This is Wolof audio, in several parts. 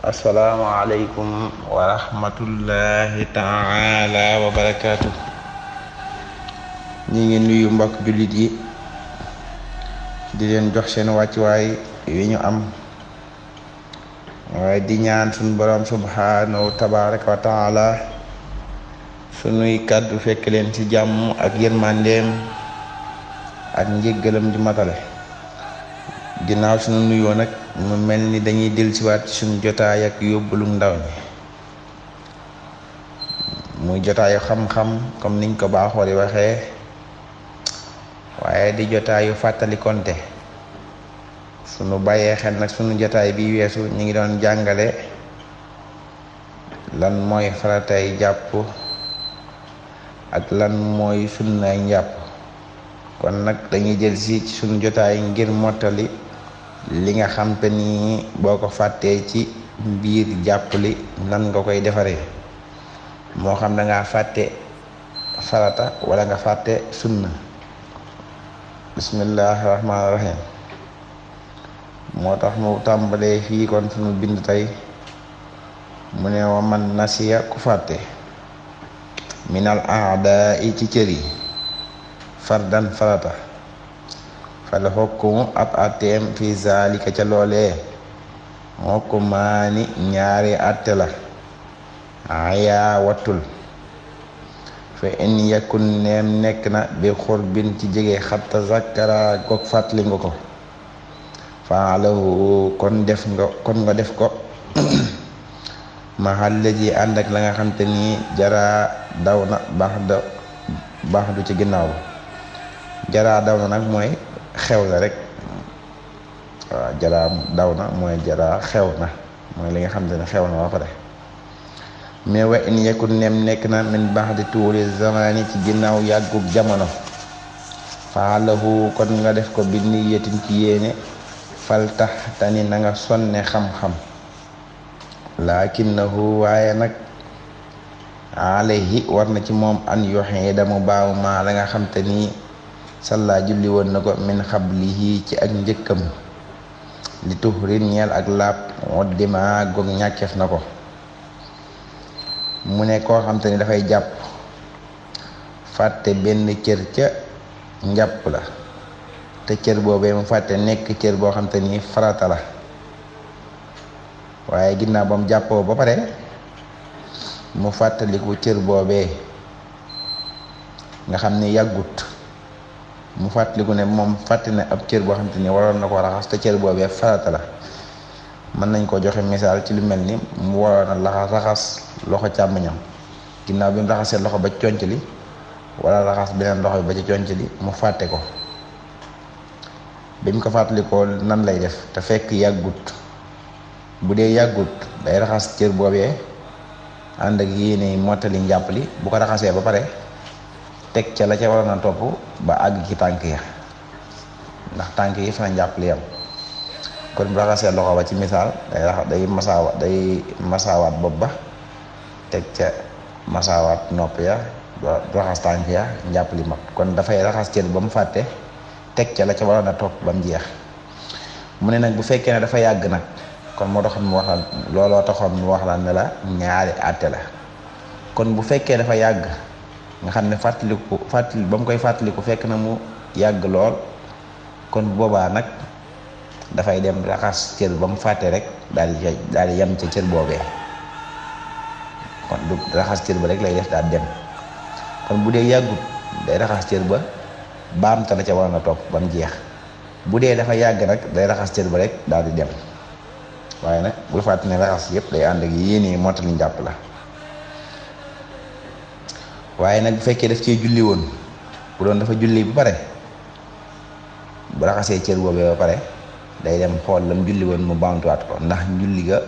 asalaamualeykum wa rahmatullahi taala wa ñi ngi nuyu mbokk jullit yi di leen jox seen wàccuwaay wi ñu am waaye di ñaan suñ boroom subhaanahu tabaraka wa taala sunuy kàddu fekk leen ci jàmm ak yërmandeem ak njéggalam ju matale ginnaaw sunu nuyoo nag mu mel ni dañuy dellusiwaat ci suñu jotaay ak yóbbalu ndaw mi muy jotaayu xam-xam comme niñ ko baaxoo di waxee waaye di jotaayu fàttali sunu suñu bàyyee xel nag suñu jotaay bi weesu ñu ngi doon jàngale lan mooy faratay jàpp ak lan mooy sunnaay njàpp kon nag dañuy jël si ci suñu jotaay ngir mottali li nga xamte nii boo ko fàttee ci mbiir jàppali nan nga koy defaree moo xam da ngaa fàtte farata wala nga fàtte sunna bismillahi rahmaani rahim moo tax mu tàmbalee fii kon sunu bind tey mu ne wa man nasiya ku fàtte minal aada yi ci cër fardan farata fal xokkumu ab atteem fi zalika ca loolee xokkumaani ñaari atte la ayaa wattul fa in yakun neem nekk na bi xurbin ci jege xatta zakkara goog fàttali nga ko faalahu kon def def ko maxalle ji ànd ak la nga xam te nii daw na baax da ci ginnaaw jaraa daw na nag mooy xew la rek waaw jaraa daw na mooy jaraa xew na mooy li nga xam ne xew na ba pare mais wa in yakun nem nekk na min ba'di tuuli ni ci ginnaaw yàggub jamono faalahu kon nga def ko bi niyatin ci yéene fal tax tani na nga sonne xam-xam lakinnahu waaye nag alayhi war na ci moom an yoxee damu baaw maa la nga xam te nii salla julli woon na ko min xablihi ci ak njëkkam li tuxrin ñeel ak laab woddima goog ñàkkeef na ko mu ne koo xam te ni dafay jàpp fàtte benn cër ca njàpp la te cër boobee mu fàtte nekk cër boo xam te ni farata la waaye ginnaaw ba mu jàppoo ba pare mu fàttaliku cër boobee nga xam ni yàggut mu fàttaliku ne moom fàttali ne ab cër boo xam ni waroon na ko raxas te boobee farata la mën nañ koo joxe misaal ci lu mel ni mu waroon a raxas loxo càmmoñam ginnaaw bi mu raxasee loxo ba ci conc li wala raxas beneen loxo ba ci conc li mu fàtte ko bi ko fàttalikoo nan lay def te fekk yàggut bu dee yàggut day raxas cër boobee ànd ak yéene mottali njàpp li bu ko raxasee ba pare teg ca la ca waroon a topp ba àgg ci tànk ya ndax tànk yi fa njàpp li yam kon bu raxasee loxo ba ci misaal day rax day masaawa day masaawaat bopp ba teg ca masaawaat nopp ya raxas tànk ya njàpp li mat kon dafay raxas cër ba mu fàtte teg ca la ca waroon a topp ba jeex mu ne nag bu fekkee ne dafa yàgg nag kon moo taxoon mu wax la looloo taxoon mu wax ne la ñaari àtte la kon bu fekkee dafa yàgg nga xam ne fàttaliku fàttali ba mu koy fàttaliku fekk na mu yàgg lool kon boobaa nag dafay dem raxas cër ba mu fàtte rek daal di daal di yem ca cër kon du raxas cër rek lay def daal dem kon bu dee yàggut day raxas cër ba baam ta la ca waroon na topp ba jeex bu dee dafa yàgg nag day raxas cër ba rek daal di dem waaye nag bu fàtte ne raxas yëpp day ànd ak yéene mottali njàpp la. waaye nag bu fekkee daf cee julli woon bu doon dafa julli bu pare bu raxasee cër boobee ba pare day dem xool lam julli mu baamtuwaat ko ndax julli ga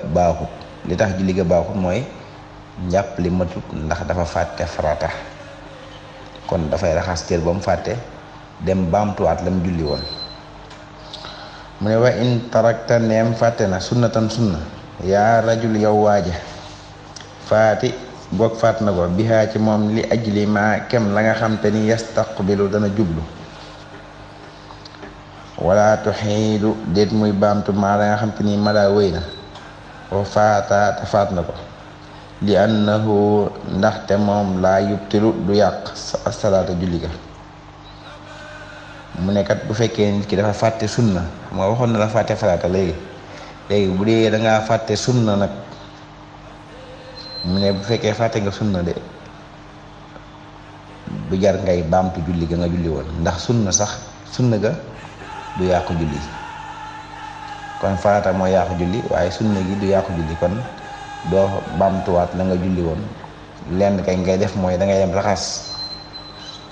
li tax julli ga mooy njàpp li ndax dafa fàtte kon dafay raxas ba mu fàtte dem baamtuwaat lam julli woon mu ne wa in fàtte na sunna tan sunna yaa rajul yow waaja faati boog faat na ko bihaa ci moom li ajli ma kem la nga xam te ni yastaqbilu dana jublu wala tuxiidu déet muy baamtu maa la nga xam te ni mala wéy na wa faata faat na ko li annahu ndaxte moom laa yubtilu du yàq asalaata julli ga mu nekkat bu fekkee nit ki dafa fàtte sunna xam nga waxoon na la fàtte farata léegi léegi bu dee dangaa fàtte na nag mu ne bu fekkee fàtte nga na de bu jar ngay baamtu julli ga nga julli woon ndax na sax na ga du yàqu julli kon farata mooy yàqu julli waaye sunna gi du yàqu julli kon doo baamtuwaat la nga julli woon lenn kay ngay def mooy dangay dem raxas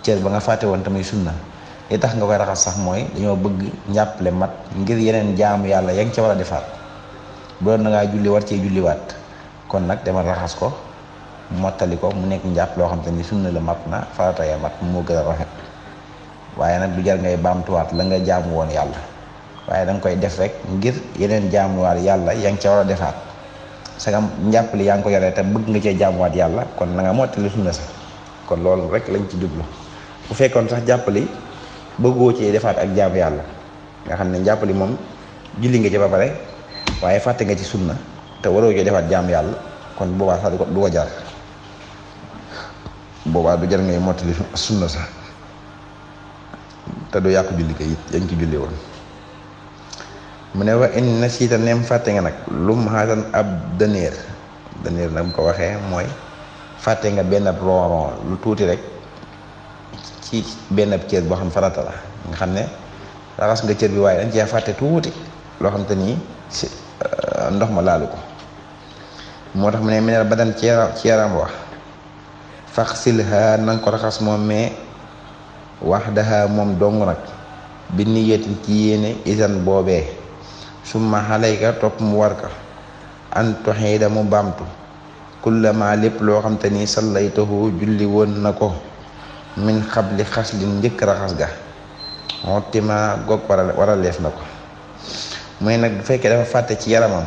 cër ba nga fàtte woon tamit na li tax nga koy raxas sax mooy dañoo bëgg njàppale mat ngir yeneen jaamu yàlla ya nga ca war a defaat bu doon da ngaa julli war cee julliwaat kon nag demal raxas ko mottali ko mu nekk njàpp loo xam te ni sum na la mat na farata ya mat moo gën a rafet waaye nag du jar ngay baamtuwaat la nga jaamu woon yàlla waaye da koy def rek ngir yeneen jaamuwaat yàlla yaa ngi a defaat sa nga njàpp li yaa ngi ko yoree te bëgg nga cee jaamuwaat yàlla kon na nga mottali na sa kon loolu rek lañ ci jublu bu fekkoon sax jàppali bëggoo cee defaat ak jaamu yàlla nga xam ne jàppali moom julli nga ci ba pare waaye fàtte nga ci sunna te waroo koy defaat jaam yàlla kon boobaa sax du ko du ko jar boobaa du jar ngay mottali sunna sax te du yàq julli ko it yañ ci julli woon mu ne wax in na siita neem fàtte nga nag lum ab dëneer dëneer nag mu ko waxee mooy fàtte nga benn ab lu tuuti rek ci benn ab boo xam farata la nga xam ne raxas nga cër bi waaye dañ cee fàtte tuuti loo xam te nii si euh, ndox ma laalu ko moo tax mu ne minal ba ci yaram ci yaram wax faxsilha na nga ko raxas moom mais wax daha moom dong nag bi niyetin ci yéene isan boobee summa xalayka topp mu war ka an toxiida mu baamtu kullama lépp loo xam te ni sallaytahu julli woon na ko min xas xaslin njëkk raxas ga xottima goog waral waraleef na ko mooy nag bu fekkee dafa fàtte ci yaramam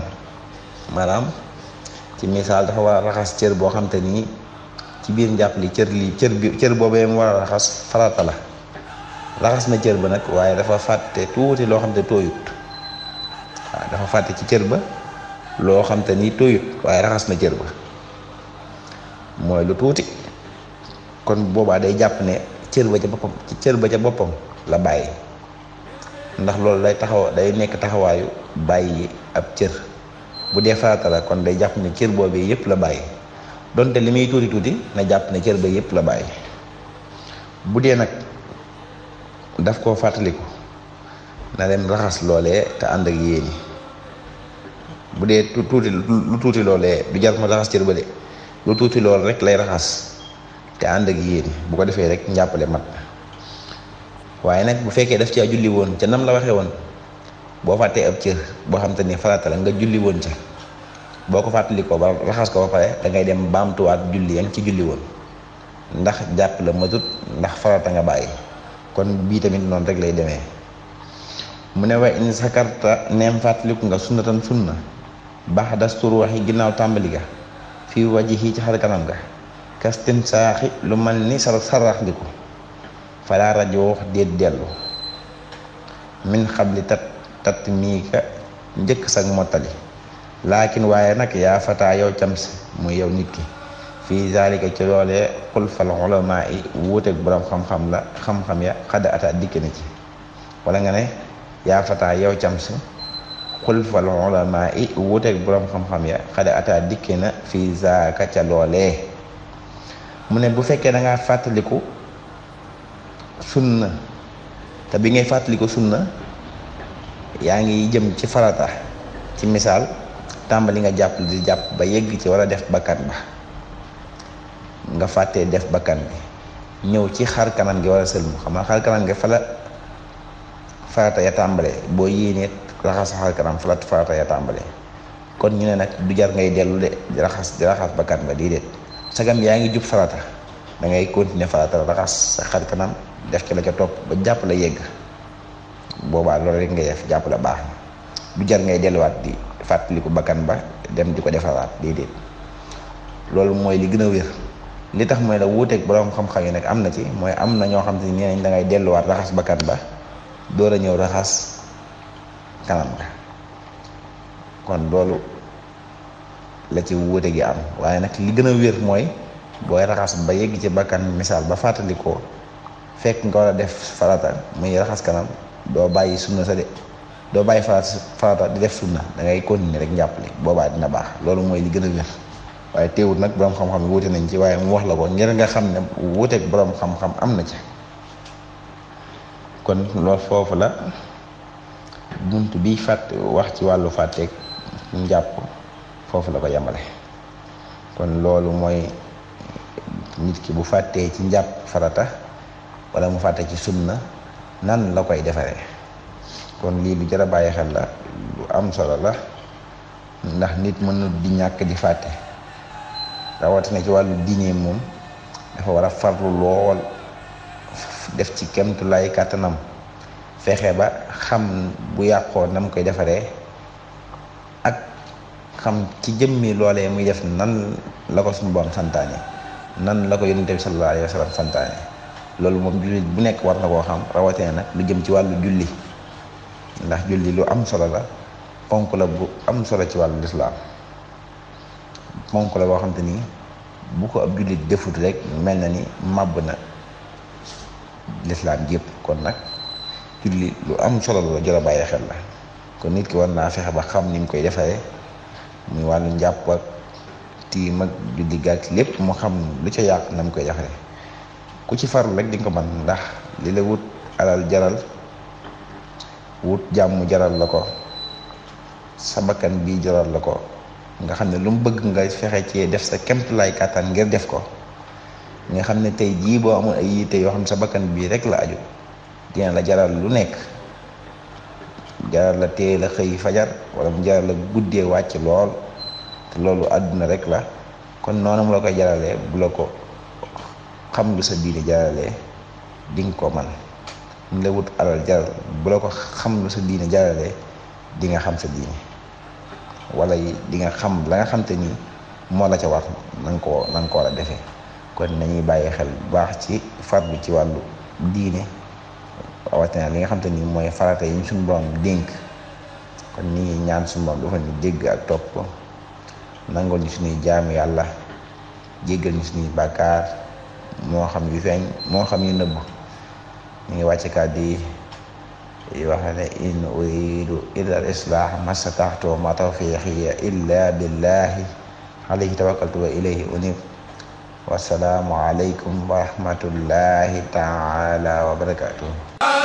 maanaam ci misaal dafa war a raxas cër boo xam te nii ci biir njàpp li cër lii cër bi cër boobee mu war a raxas farata la raxas na cër ba nag waaye dafa fàtte tuuti loo xam te tooyut waaw dafa fàtte ci cër ba loo xam te ni tooyut waaye raxas na cër ba mooy lu tuuti kon boobaa day jàpp ne cër ba ca boppam ci cër ba ca boppam la bàyyi ndax loolu day taxaw day nekk taxawaayu bàyyi ab cër bu dee farata kon day jàpp ne cër boobee yëpp la bàyyi donte li muy tuuti tuuti na jàpp na cër ba yëpp la bàyyi bu dee nag daf koo fàttaliku na dem raxas loole te ànd ak yéeni bu dee tuuti lu tuuti loolee du jar ma raxas cër ba de lu tuuti lool rek lay raxas te ànd ak yéeni bu ko defee rek njàppale mat waaye nag bu fekkee daf caa julli woon ca nam la waxee woon boo fàttee ab cër boo xam te ni farata la nga julli woon ca boo ko fàttalikoo ba raxas ko ba pare dangay ngay dem baamtuwaat julli yang ci julli woon ndax jàpp la matut ndax farata nga bàyyi kon bii tamit noonu rek lay demee mu ne wa in sakarta neem fàttaliku nga sunnatan sunna baax dastur waxi ginnaaw tàmbali ga fii wajihi ci xar kanam ga kastin saaxi lu mel ni sar saraxndiku falaa rajo wax déet dellu min xabli tat tat mii ka njëkk sag mottali laakin waaye nag yaa fataa yow cams muy yow nit ki fii zalika ci loolee xul fal boroom xam la xam-xam ya xada ata dikk nga ne yaa yow cams xul fal ulama yi xam-xam ya xada ata dikk na fii zaaka ca loolee mu ne bu fekkee da ngaa fàttaliku sun te bi ngay fàttaliku na yaa ngi jëm ci farata ci misaal tàmbali nga jàpp di jàpp ba yegg ci wala def bakkan ba nga fàtte def bakkan bi ñëw ci xar kanam gi wala sëlmu xam nga xar gi fa la farata ya tàmbalee boo yéenee raxas xar kanam fa la kon ñu ne nag du jar ngay dellu di raxas di raxas bakkan ba di déet yaa ngi jub farata da ngay continuer farata sa xar def ci la ca topp ba jàpp la yegg boobaa loolu rek ngay def jàpp la baax du jar ngay delluwaat di fàttaliku bakkan ba dem di ko defaraat déedéet loolu mooy li gën a wér li tax mooy la wuuteeg borom xam-xam yi nag am na ci mooy am na ñoo xam ne nee nañ da delluwaat raxas bakkan ba door a ñëw raxas kanam kon loolu la ci wuute gi am waaye nag li gën a wér mooy booy raxas ba yegg ci bakkan misaal ba fàttalikoo fekk nga war a def farata muy raxas kanam doo bàyyi na sa de doo bàyyi farata di def sunna da ngay continuer rek njàppale boobaa dina baax loolu mooy li gën a wér waaye teewul nag borom xam-xam yi wuute nañ ci waaye mu wax la ko ngir nga xam ne wuuteeg borom xam-xam am na ci kon lool foofu la bunt bi fàtt wax ci wàllu fàtteeg njàpp foofu la ko yemale kon loolu mooy nit ki bu fàttee ci njàpp farata wala mu fàtte ci sum na nan la koy defaree kon lii lu jar a bàyyi xel la lu am solo la ndax nit mën na di ñàkk di fàtte rawatina ci wàllu diine moom dafa war a farlu lool def ci kemtu lay kàttanam fexe ba xam bu yàqoo na koy defaree ak xam ci jëmmi loolee muy def nan la ko suñu borom santaane nan la ko yonente bi sallallahu alayhi santaane loolu moom jullit bu nekk war na koo xam rawatee nag lu jëm ci wàllu julli ndax julli lu am solo la ponk la bu am solo ci wàllu lislaam ponk la boo xam te ni bu ko ab jullit defut rek mel na ni màbb na lislaam yëpp kon nag julli lu am solo la jot a bàyyi xel la kon nit ki war naa fexe ba xam ni mu koy defaree muy wàllu njàpp ak tiim ak julli gàtt lépp mu xam lu ca yàq na mu koy defaree ku ci farlu rek di nga ko mën ndax li la wut alal jaral wut jàmm jaral la ko sa bakkan bii jaral la ko nga xam ne lu mu bëgg nga fexe ci def sa kemt lay kàttan ngir def ko nga xam ne tey jii boo amul ay yitte yoo xam ne sa bakkan bii rek la aju dina la jaral lu nekk jaral la teel la xëy fajar wala mu jaral la guddee wàcc lool te loolu àdduna rek la kon noonu mu la koy jaralee bu la ko xam lu sa diine jaarale di nga ko man mu la wut alal jaral bu la ko xam lu sa diine jaarale dinga xam sa diine walla yi di nga xam la nga xam te ni moo la ca war na nga koo na nga a defee kon nañuy bàyyi xel bu baax ci farlu ci wàllu diine rawatina li nga xam te ni mooy farata yi suñu borom dénk kon ni ngi ñaan suñu borom dégg ak topp nangoo ñu suñuy jaamu yàlla jéggal ñu suñuy bàkkaar moo xam yu feeñ moo xam yu nëbb ñu ngi wàcc kàddu yi wax ne in uridu illa al islah masataxtu ma tawfiqiya illa billahi alayhi tawakkaltu wa ilayhi unib wasalaamu aleykum wa rahmatullahi taala wa barakatuh